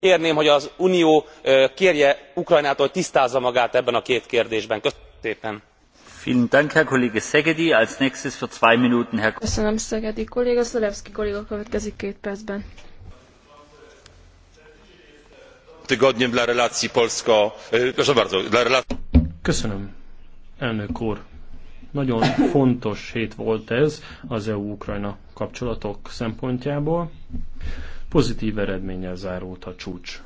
kérném hogy az unió kérje ukrajnától hogy tisztázza magát ebben a két kérdésben. köszönöm köszönöm e, köszönöm elnök úr. Nagyon fontos hét volt ez az EU-Ukrajna kapcsolatok szempontjából. Pozitív eredménnyel zárult a csúcs.